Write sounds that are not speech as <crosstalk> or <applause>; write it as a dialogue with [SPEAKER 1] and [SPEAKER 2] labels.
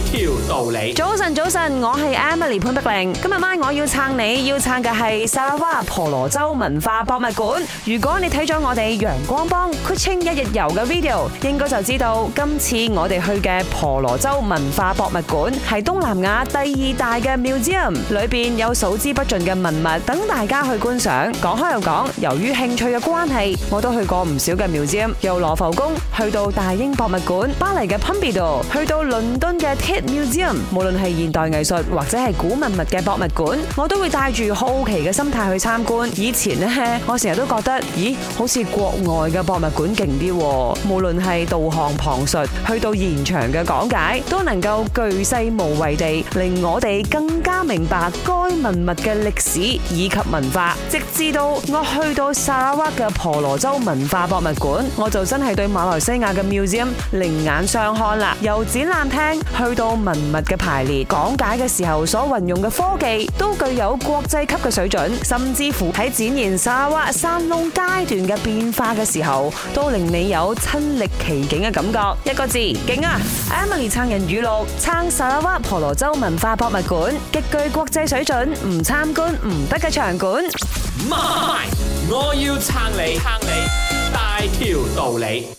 [SPEAKER 1] 條道理，早
[SPEAKER 2] 晨早晨，我係 Emily 潘碧玲，今日晚我要撐你要撐嘅係砂拉越婆羅洲文化博物館。如果你睇咗我哋陽光幫 Kuching 一日遊嘅 video，應該就知道今次我哋去嘅婆羅洲文化博物館係東南亞第二大嘅 museum，裏邊有數之不盡嘅文物等大家去觀賞。講開又講，由於興趣嘅關係，我都去過唔少嘅 museum，由羅浮宮去到大英博物館、巴黎嘅龐比度，去到倫敦嘅。Hit Museum，無論係現代藝術或者係古文物嘅博物館，我都會帶住好奇嘅心態去參觀。以前呢，我成日都覺得，咦，好似國外嘅博物館勁啲。無論係導航旁述，去到現場嘅講解，都能夠巨細無遺地令我哋更加明白該文物嘅歷史以及文化。直至到我去到砂拉越嘅婆羅洲文化博物館，我就真係對馬來西亞嘅 museum 另眼相看啦。由展覽廳去到文物嘅排列講解嘅時候，所運用嘅科技都具有國際級嘅水準，甚至乎喺展現沙瓦山窿階段嘅變化嘅時候，都令你有親歷其境嘅感覺。一個字，勁啊！Emily <music> 撐人語錄，撐沙瓦婆羅洲文化博物館，極具國際水準，唔參觀唔得嘅場館。
[SPEAKER 1] 媽咪，我要撐你，撐你，大條道理。